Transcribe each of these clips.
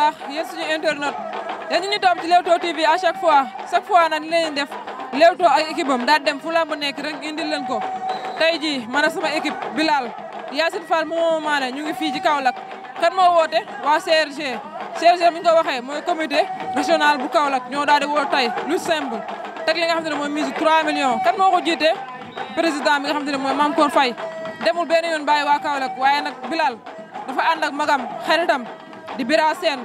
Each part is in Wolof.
baax yéen suñu internet yéen ñu ñu topp ci Leewtoo TV à chaque fois chaque fois nag li leen def Leewtoo ak équipe am daal dem fu lamb nekk rek indil leen ko tey jii man ak sama équipe Bilal Yacine Fall moo maane ñu ngi fii ci Kaolack kan moo woote waa CRG CRG mi ñu ko waxee mooy comité national bu Kaolack ñoo daal di woo tey lu simple teg li nga xam te ne mooy mise 3 millions kan moo ko jiite président bi nga xam te ne mooy Mame Kor Faye demul benn yoon bàyyi waa Kaolack waaye nag Bilal dafa ànd ak magam xaritam di Bira Sène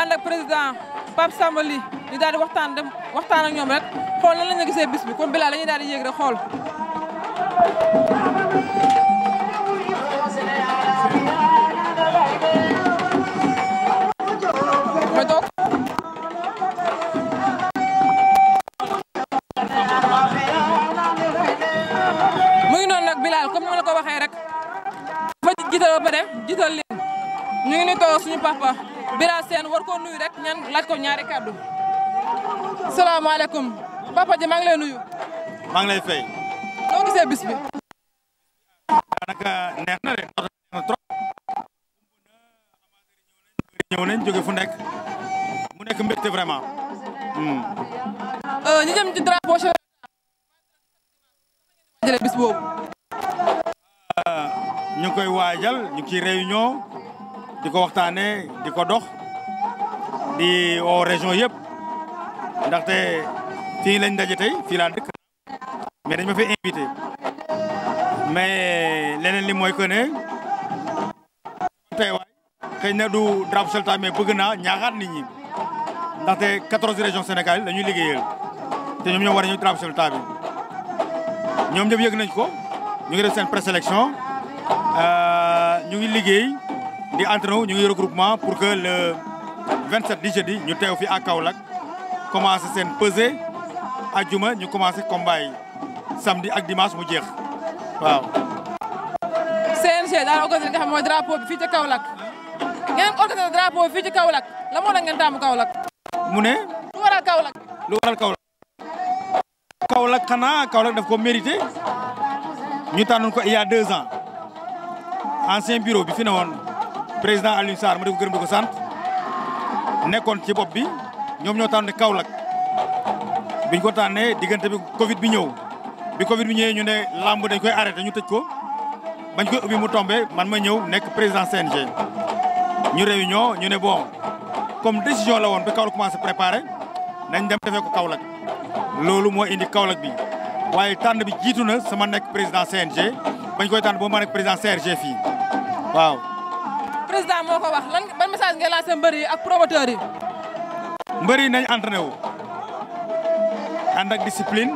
ànd ak président Pape Sambali ñu daal di waxtaan dem waxtaan ak ñoom rek xool nan la ñu gisee bis bi kon bilaa la ñuy daal di yéeg rek xool. papa Bira Sène war koo nuyu rek ñan laaj ko ñaari kàddu. salaamaaleykum papa ji maa ngi lay nuyu. maa ngi lay fay. noo gisee daanaka neex na de trop. ñëw nañ jóge fu nekk. mu nekk mbégte vraiment. Hmm. Euh, ñu jëm ci drapeau chef. bis boobu. Euh, ñu ngi koy waajal ñu ngi ciy réunion. di ko waxtaanee di ko dox di woo région yëpp ndaxte fii lañ daje tey fii laa dëkk mais dañ ma fi invité mais leneen li mooy que ne tey waay xëy na du drapeau Sélta mais bëgg naa ñaaxaat nit ñi ndaxte quatorze régions Sénégal yi la ñuy liggéeyal te ñoom ñoo war a ñu drapeau Sélta ñoom ñëpp yëg nañ ko ñu ngi def seen présélection euh, ñu ngi liggéey di entraîneur ñu ngi regroupement pour que le 27 di jeudi ñu teew fi à Kaolack commencé seen pesée ajjuma ñu commence combat yi samedi ak dimanche mu jeex waaw. CNG daal organisé li drapeau bi fii ci Kaolack ngeen organisé drapeau bi fii ci Kaolack la taamu Kaolack. mu ne. lu waral Kaolack. lu waral Kaolack. Kaolack xanaa Kaolack daf ko mérité ñu tànnoon ko il y a ans ancien bureau bi fi ne woon. président Alioune Sarr ma di ko gërëm di ko sant nekkoon ci bopp bi ñoom ñoo ne Kaolack biñ ko tànnee diggante bi Covid bi ñëw bi Covid bi ñëwee ñu ne làmb dañ koy arrêté ñu tëj ko bañ koy ubbi mu tombe man ma ñëw nekk président CNG. ñu réunion ñu ne bon comme décision la woon ba Kaolack commencé préparé nañ dem defee ko Kaolack loolu moo indi Kaolack bi waaye tànn bi jiitu na sama nekk président CNG bañ koy tànn boo ma nekk président CRG fii waaw. président moo ko wax lan ban message ngay lancé mbër ak promoteur yi. mbër yi nañ entraîné wu ak discipline.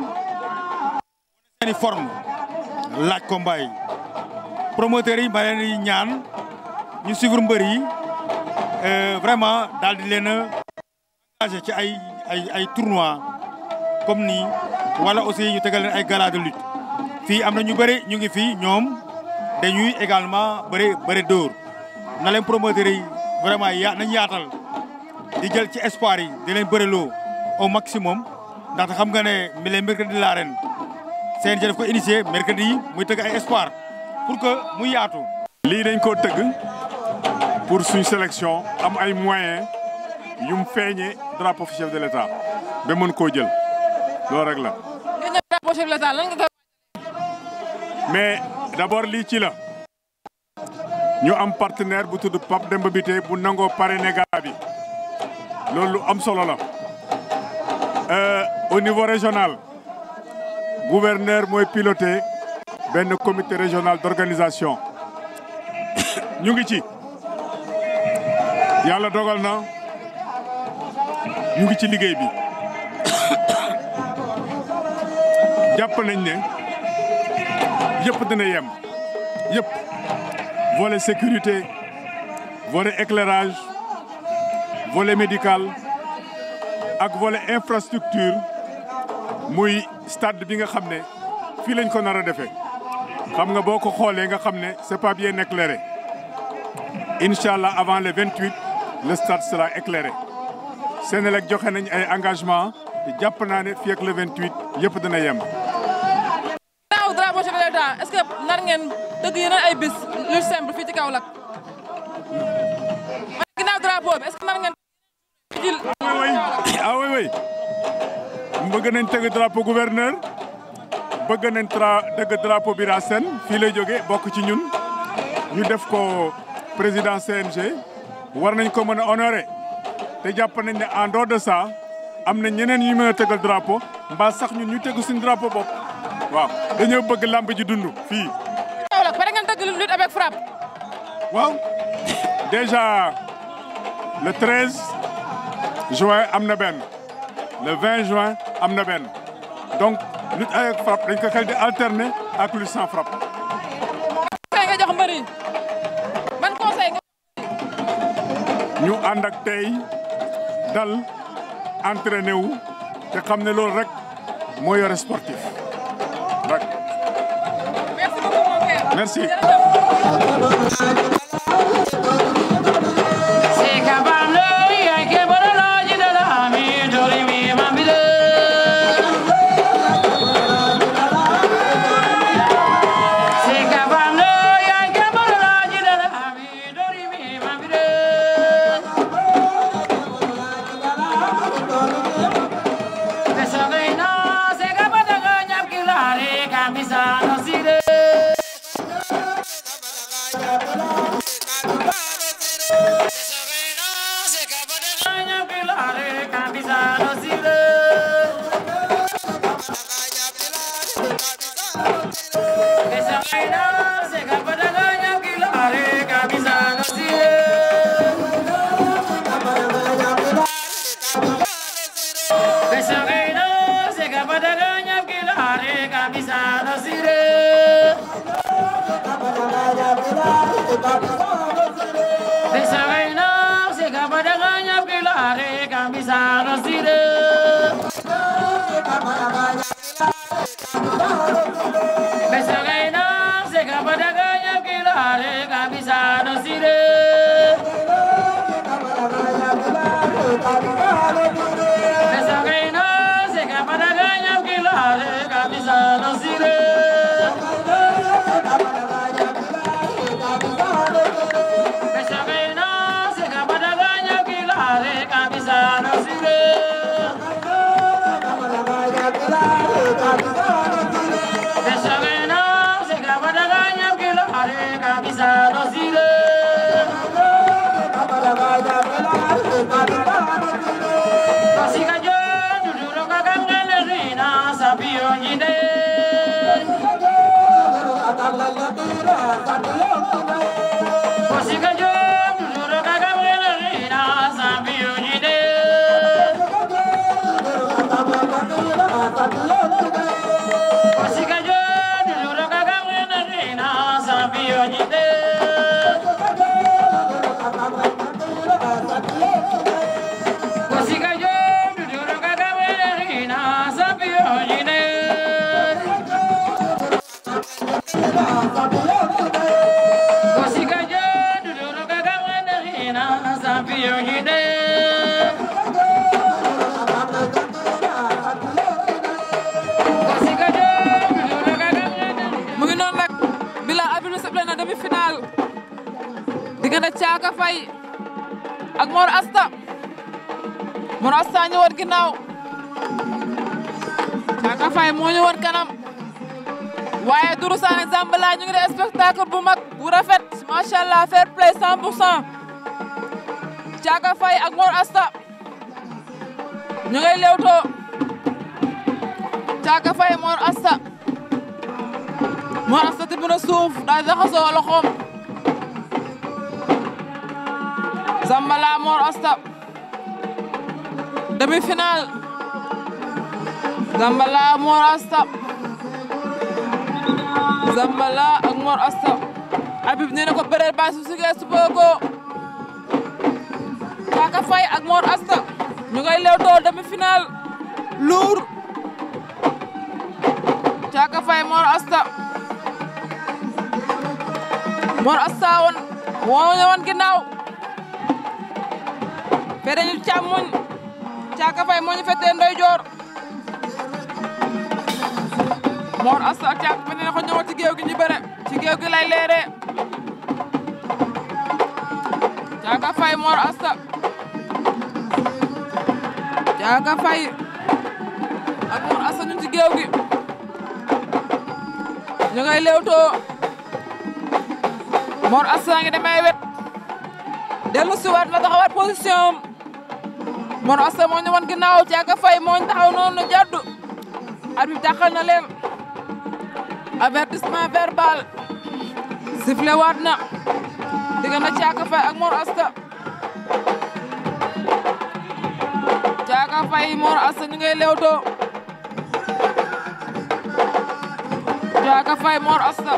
seeni forme laaj combat yi promoteurs yi ma leen ñaan ñu suivre mbëri yi euh, vraiment daal di leen a engagé ci ay ay ay tournois comme nii wala aussi ñu tegal leen ay gala de lutte fii am na ñu bëri ñu ngi fii ñoom dañuy également bëri bëri dóor. na leen promoteur yi vraiment ya nañ yaatal di jël ci espoir yi di leen bëriloo au maximum ndaxte xam nga ne mi leen mercredi de seen CNG daf ko initié mercredi yi muy tëgg ay espoir pour que mu yaatu. lii dañ koo tëgg pour suñ sélection am ay moyens yu mu feeñee drapeau chef de l' état ba mën koo jël loolu rek la. mais d' abord lii ci la. ñu am partenaire bu tudd Pape Demba Bitèye bu nangoo parrainé gala bi loolu am solo la euh, au niveau régional gouverneur mooy piloté benn comité régional d'organisation ñu ngi ci yàlla dogal na ñu ngi ci liggéey bi jàpp nañ ne yëpp dina yem yëpp volet sécurité volet éclairage volet médical ak volet infrastructure muy stade bi nga xam ne fii lañ ko nar a defee xam nga boo ko xoolee nga xam ne c'est pas bien éclairé incha allah avant le 28 le stade sera éclairé Sénélec joxe nañ ay engagement te jàpp naa ne le vingt le yëpp dana yem. de l'État est lutte simple fii ci Kaolack. man ginnaaw drapeau bi est-ce que mën ngeen. Ah nañ teg drapeau gouverneur bëgg nañ tra teg drapeau bi Rasen fii lay jógee bokk ci ñun ñu def ko président CNG war nañ ko mën a honorer te jàpp nañ ne en dehors de ça am na ñeneen ñu mën a tegal drapeau mbaa sax ñun ñu tegu si drapeau bopp waaw dañoo bëgg làmb ji dund fii. avec frappe. déjà le 13 juin am na benn le juin am na donc lutte avec frappe dañ ko xel di alterner ak lutte sans frappe. conseil nga jox mbëri man conseil nga. ñu ànd ak tey dal entraîné wu te xam ne loolu rek moo yore sportif rek. Thank you. Kabisa no sire. camisa nos iré. Kasika jo duduro kakangale rina sapio njide. Kasika jo duduro kakangale rina sapio njide. Moussa ñu war ginnaaw Caaka Faye moo ñu kanam waaye Dourou Sané Zambala ñu ngi def spectacle bu mag bu rafet macha allah play 100 pour cent Caaka Faye ak Mor Asta ñu ngay lewtoo Caaka Faye Mor Asta Mor Asta tibb na suuf daal di loxoom Zambala Mor Asta demi-finale Zambala ak Asta Zambala ak Mor Asta Habib nee na ko bereer ba su sugee su boogoo Kaka ak Mor Asta ñu ngay doo demi-finale lour Kaka Faye Mor Asta Mor Asta woon woo woon ginnaaw fere ñu càmmuñ Caaka Faye moo ñu fettee ndeyjoor Mor Asta ak Caaka Faye nee gi ñu bëre ci géew gi Asta Caaka Faye ak Mor Asta ñu ci géew gi ñu ngay leewtoo Mor Asta ngi demee wet dellu si waat na taxawaat position Mor Asta moo ñu wan ginnaaw Thiaka Faye moo ñu taxaw noonu jaddu arbitre taxal na leen avertissement verbal sifflé waat na diggante Thiaka Faye ak Mor Asta Thiaka Faye Mor Asta ñu ngay lewtoo Thiaka Faye Mor Asta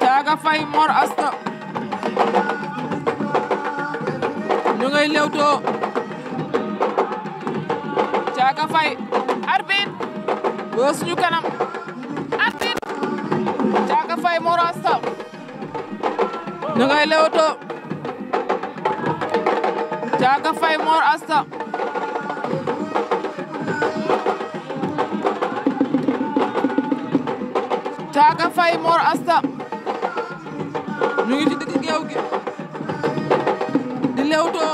Thiaka Faye Mor Asta ñu ngay lewtoo Caaka Faye arbitre ba suñu kanam arbitre Caaka Faye Mor Asta ñu ngay Caaka Faye Mor Asta Caaka Faye Mor ngi gi di lewtoo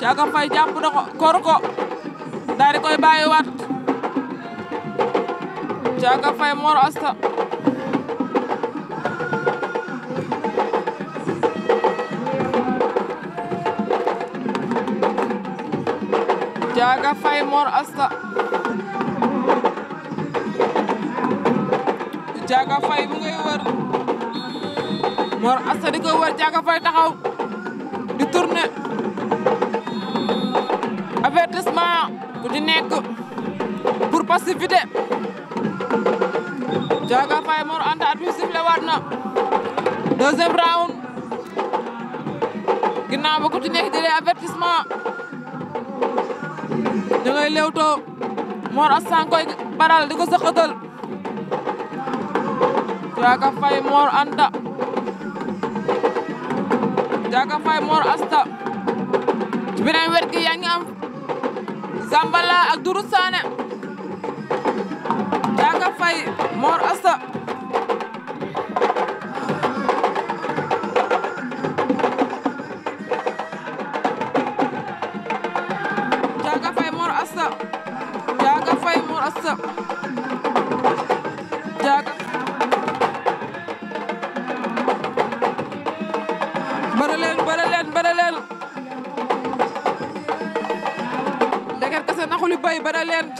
Caaka Faye jàpp na ko kor ko koy bàyyiwaat Caaka Faye Mor Asta Asta Caaka Faye mu ngay wër Mor Asta di koy wër Caaka Faye taxaw di tourner ku ci nekk pour passivité Diaga Faye Mor Anta at bi sifflé waat na deuxième round ginnaaw ba ku ci nekk jëlee avertissement da ngay lewtoo Mor Assane koy baral di ko sëqatal Diaga Faye Mor Anta Diaga Faye Mor Asta ci beneen Zambala ak Dourou Sané Ndiaga Faye a Asta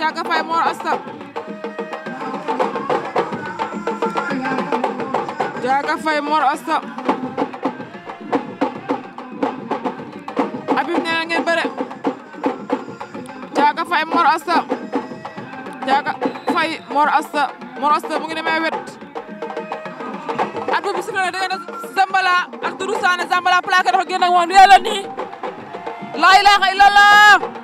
Ndiaga Faye Mor Asta Ndiaga Faye Mor Asta Habib nee na ngeen bëre Ndiaga mu ngi demee wet at bu bisimilah da ngeen Zambala ak Doudou Sané Zambala plaqué dafa génn ak moom yéen la nii laa ilaaha illallah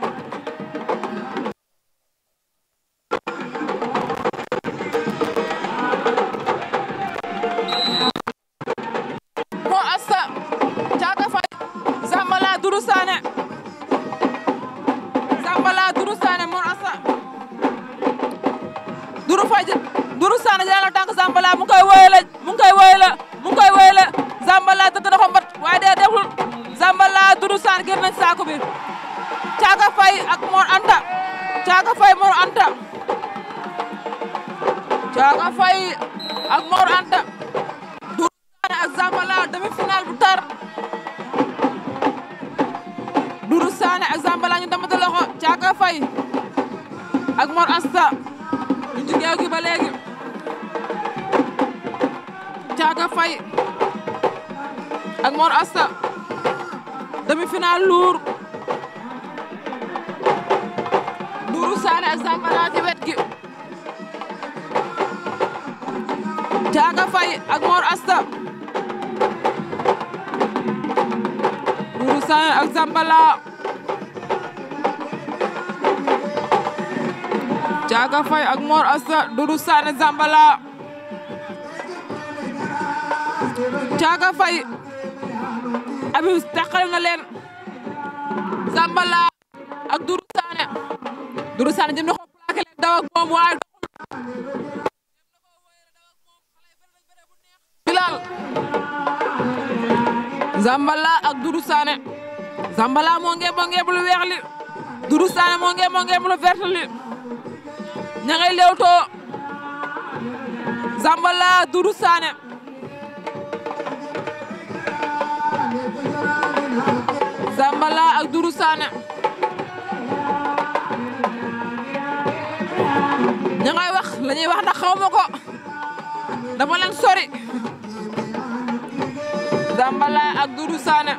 camara ci wet gi Thiaka Faye ak Mor Asta Doudou Sané ak Zambala Thiaka Faye ak Mor Asta Doudou Sané Zambala Thiaka Faye Abib taxal na leen Zambala ak Doudou Sané Doudou Sané jëm na daw ak moom waaye Bilal Zambala ak Doudou Sané Zambala moo ngeem moo weex li Doudou Sané moo ngeem moo ngeem lu vert li ña ngay lewtoo Zambala Doudou Sané ak Doudou Sané ña wax la ñuy wax ndax xaw ma ko leen sori Zambala ak Doudou Sané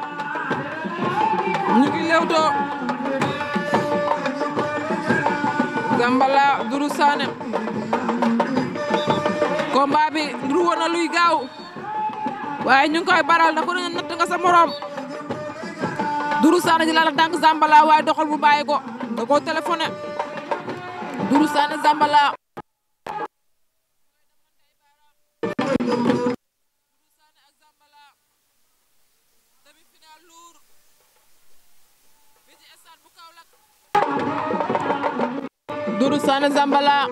ñu ngi lewtoo Zambala Doudou Sané combat bi ndur woon na luy gaaw waaye ñu ngi koy baral na ko ne natt nga sa morom Doudou Sané di la la dànk Zambala waaye doxal mu bàyyi ko da koo téléphoné Dourou Sane Zambala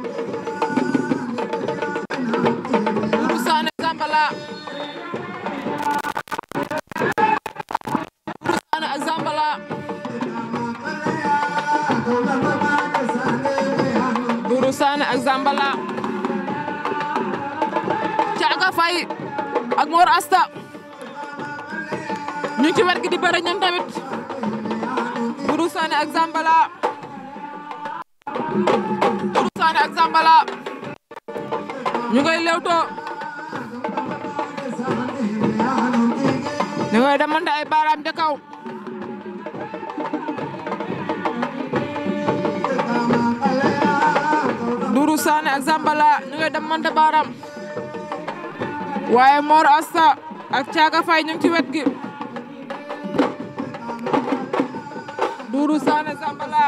Zambala Thiaka Faye ak Mor Asta ñu ci wet gi di bëre ñoom tamit Doudou Sané ak Zambala Doudou Sané ak Zambala ñu ngay lewtoo ay baaraam ca kaw Sané ak Zambala ñu ngi waaye Mor Asta ak Thiaka Faye ñu ci wet gi Doudou Sané Zambala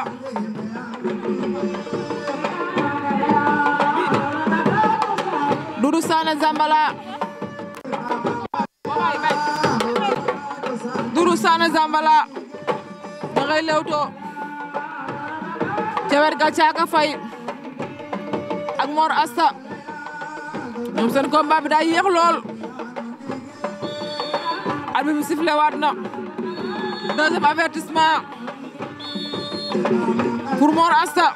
Doudou Sané Zambala Doudou Sané ak Mor Asta ñoom seen combat bi daa yéex lool arbitre bi sifflé waat na deuxième avertissement pour Mor Asta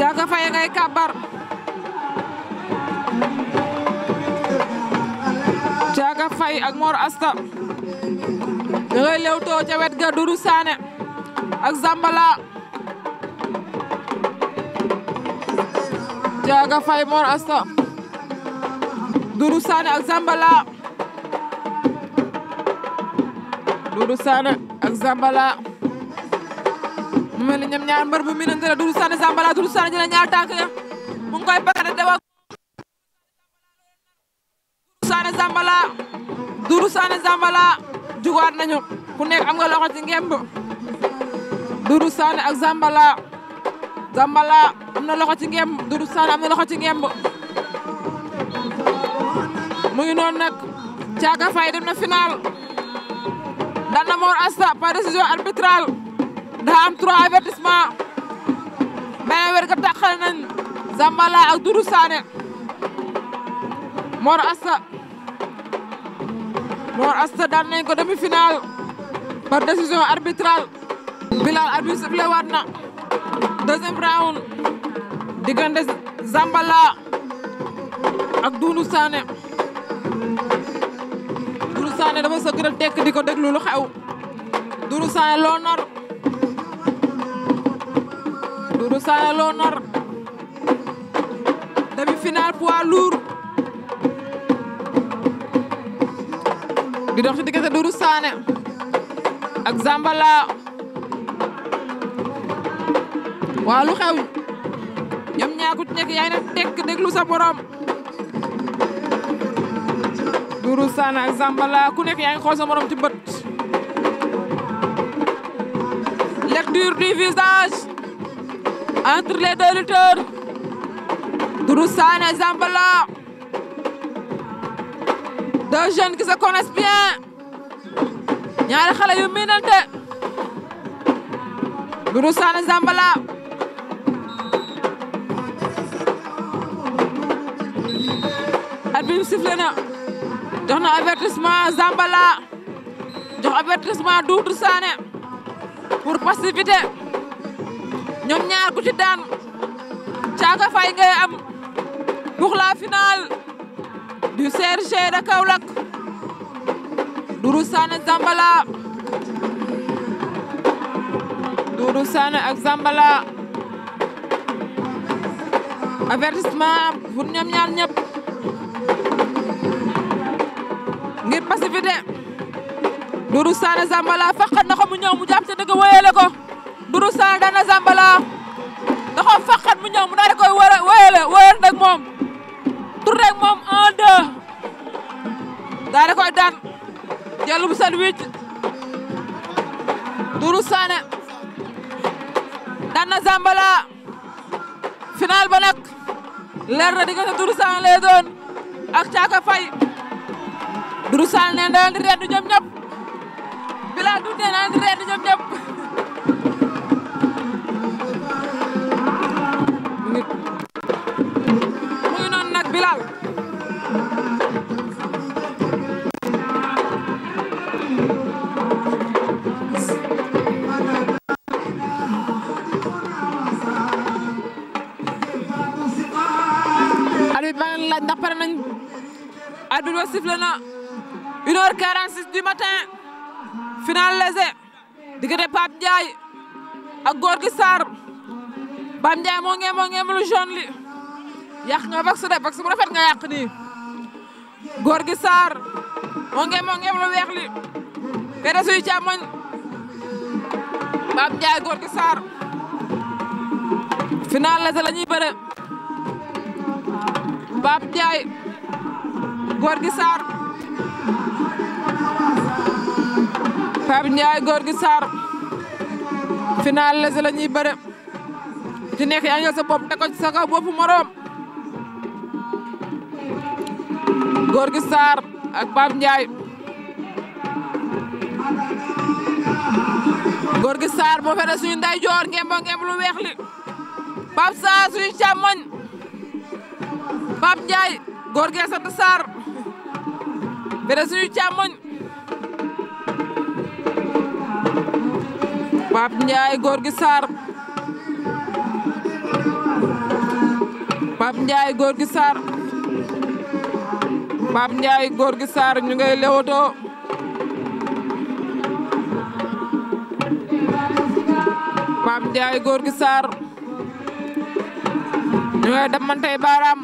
Caaka Faye ngay kàbbar Caaka Faye ak Mor Asta da ngay lewtoo ca wet ga Doudou Sané ak Zambala Diaga Faye Mor Asta Doudou Sané ak Zambala Doudou Sané ak Zambala mu mel ni ñoom ñaar mbër bu miinante la Doudou Sané Zambala Doudou Sané jëlee ñaar tànk ya mu ngi koy pare dewa Doudou Sané Zambala Doudou Sané Zambala jugaat nañu ku nekk am nga loxo ci ngemb Doudou Sané ak Zambala Zambala am na loxo ci ngemb Doudou Sané am na loxo ci ngemb mu ngi noonu nag Thiaka Faye na final daan na Mor Asta par décision arbitrale daa am trois avertissement beneen wér ga taxal nañ Zambala ak Doudou Sané Mor Asta Mor Asta daan nañ ko demi final par décision arbitrale Bilal arbitre bi waat na deuxième round diggante Zambala ak Doudou Sané Doudou Sané dafa sëgg rek tekk di ko déglu lu xew Doudou Sané loo nar Doudou Sané loo nar demi-finale poids lourd diggante Doudou Sané ak Zambala waaw lu xew ñoom ñaar ku ci nekk yaa ngi ne déglu sa borom Dourou Sane Zambala ku nekk yaa ngi xool sa borom bët lecture du visage entre les deux lutteurs Dourou Sane Zambala deux jeunes qui se connaissent bien ñaari xale yu miinante Dourou Sane Zambala sifflé na jox na avertissement Zambala jox avertissement Doudou Sané pour passivité ñoom ñaar ku ci daan caaga fay ngay am pour la du CRG de Kaolack Doudou Sané Zambala Doudou Sané ak Zambala avertissement pour ñoom ñaar ñëpp Pacifique de Doudou Sané Zambala na ko mu ñëw mu jàpp ca dëgg wéyale ko Doudou Sané daan na ko faqat mu ñëw mu daal di koy wéyale wéyale moom tourné moom 1 2 daal di koy daan jël bu seen wicc Doudou Sané ba nag leer na diggante Doudou Sané lay doon ak Caaka Faye Dourou Sall nee na leen di reedu ñoom ñëpp Bilal Dourou nee na leen di reedu ñoom ñëpp mu ngi noonu nag Bilal arbitre ba laaj ndax pare nañ arbitre ba sifle na une heure quarante six du matin final léger diggante Pape Ndiaye ak Gorgui Sarr Pape Ndiaye moo ngeem moo lu jaune li yàq nga vax de vax bu rafet nga yàq nii Gorgui Sarr moo ngeem moo lu weex li fede suy càmmoñ Pape Ndiaye Gorgui Sarr final léger la ñuy bëre Pape Ndiaye Gorgui Sarr Pape Ndiaye góor gi Sarr final la si la ñuy bëre ci nekk sa bopp teg ko ci sa kaw boppu moroom góor gi Sarr ak Pape Ndiaye góor gi Sarr moo fete suñu nday joor ngeen bo ngeen lu weex li Pape Sarr suñu càmmoñ Pape Ndiaye góor gi sant Sarr Pape Ndiaye góor gi saar Pape Ndiaye góor gi Sarr Pape góor gi Sarr ñu ngay lewotoo Pape Ndiaye góor gi Sarr ñu ngay damantey baaraam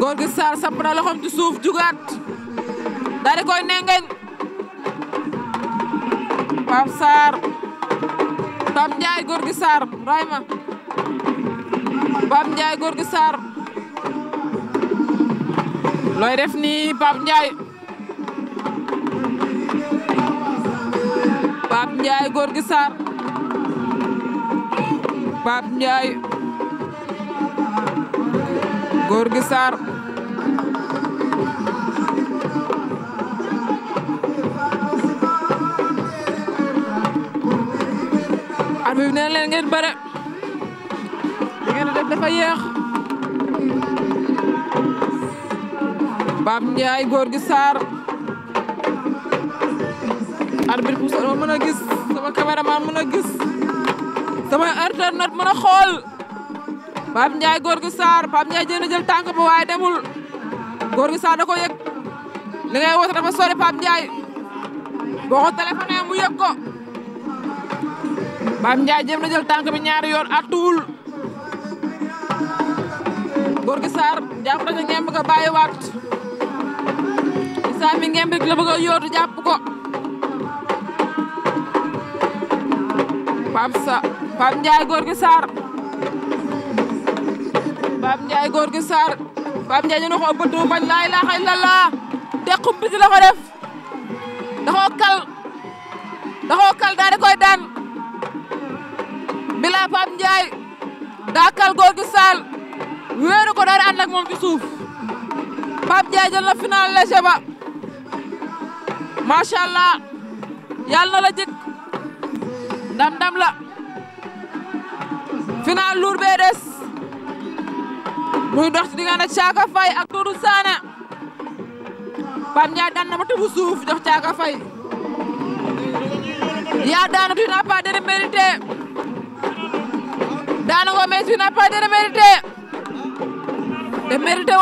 góor gi Sarr samp na loxoom suuf jugaat daal di koy nengeñ Pape Sarr Pape Ndiaye góor gi Sarr rayma Pape Ndiaye góor gi Sarr looy def nii Pape Ndiaye Pape Ndiaye góor gi Sarr Pape Ndiaye góor bi nee leen ngeen bare li ngeen def dafa yeex Pape Ndiaye góor gi Sarr arbitre bu sama mën a gis sama caméraman mën a gis sama internet mën a xool Pape Ndiaye góor gi Sarr Pape Ndiaye jéem a jël tànk ba waaye demul góor gi Sarr da ko yëg li ngay woote dafa sori Pape Ndiaye boo ko Mame Ndiaye jéem na jël tànk bi ñaari yoon attuwul góor gi Sarr jàpp na ngemb nga bàyyiwaat Issa mi ngemb rek la bëgg a yóotu jàpp ko Pape Sa Pape Ndiaye góor gi Sarr Pape Ndiaye góor gi Sarr ko ëppatu mu bañ laa ilaaha illallaah dequm bi si la ko def da koo kal da koy daan. Bilay Pape Ndiaye daakal góor gi Sall wéeru ko daal di ànd ak moom suuf Pape Ndiaye jël na final léger ba macha na la jik ndam ndam la final lourd bee des muy dox ci diggante Thiaka Faye ak Doudou Sané Pape Ndiaye daan ma tëbu suuf jox Thiaka Faye yaa daanu tu n'as pas de mérité daana ko mais tu n'as pas démérité démérité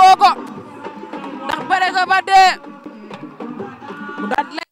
ba dee mu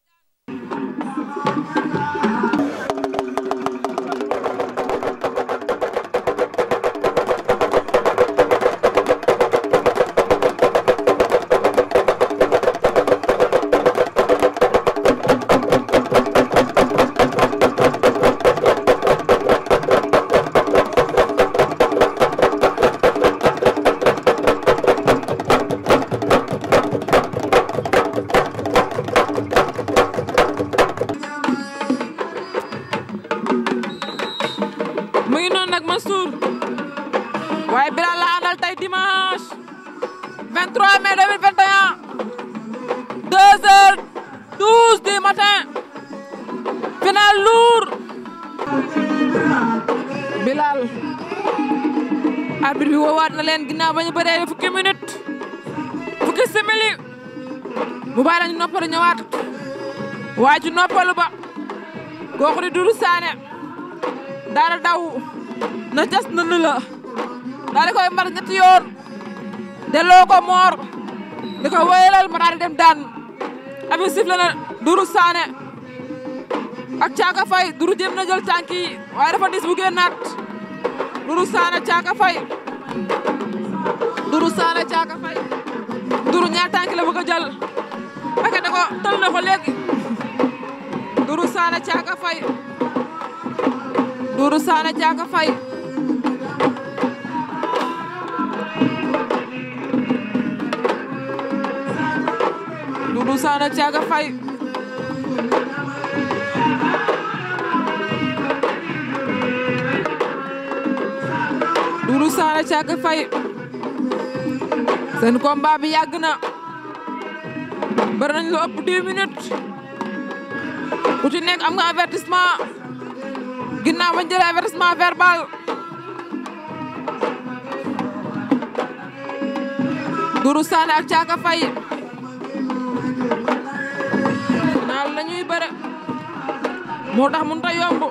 waaju noppalu ba kooku di Doudou Sané daal daw na jas na nu la daal di koy mbar ñetti yoon delloo ko moor di ko ma daal dem daan abi sifle na Doudou Sané ak Caaka Fay Doudou jéem na jël tànk yi waaye dafa dis bu génnaat Doudou Sané Caaka Fay Doudou Sané Caaka Fay Doudou ñaar tànk la bëgg a jël ko tël na ko léegi Dourou Sané Thiaka Faye Dourou Sané Thiaka Faye Dourou Sané Thiaka bi yàgg na bëri nañ lu ëpp 10 ku ci nekk am nga avertissement ginnaaw bañ jëlee avertissement verbal Dourou Sané ak Thiaka Faye final la ñuy bëre moo tax mënut a yomb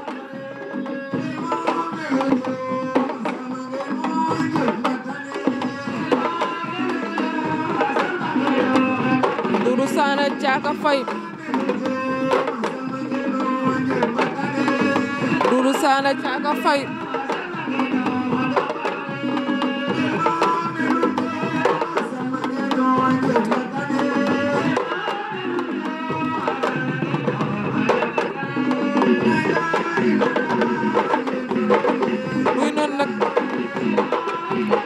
Dourou Sané Thiaka Faye Sana Thiaka Faye muy noonu nag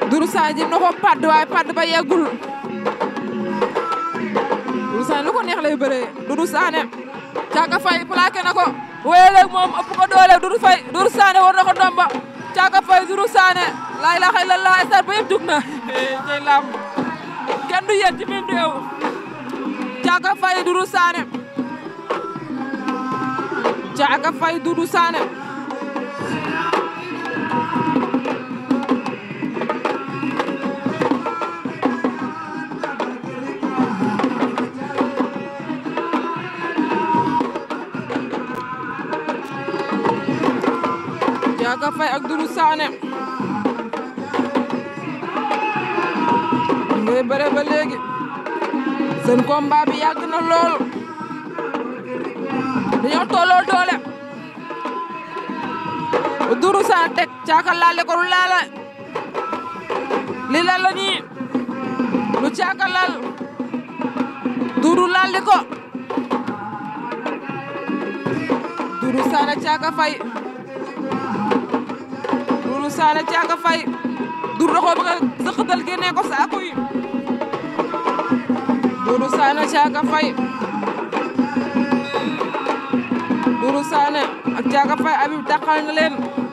Dourou Sané jëm na ko padd waaye padd ba yeggul Dourou Sané lu ko neex lay na ko wéyale moom ko doole Doudou Faye Doudou Sané war na ko domba Thiaka Faye Doudou Sané laay la la laa star ba yëpp jug na tey lamb kenn du yéen ci même réew Thiaka Faye Doudou Sané Thiaka Faye Doudou Caaka Faye ak Doudou Sané ñu ngi bëre ba léegi seen combat bi yàgg na lool dañoo tolloo doole Doudou Sané teg Caaka laale ko lu laale li la la lu Caaka laal Doudou laal li ko Doudou Sané Caaka Faye Sané Thiaka Faye dur na ko ba sëqatal génne ko saako yi Doudou Sané Thiaka Faye Doudou ak Thiaka Faye Habib taxal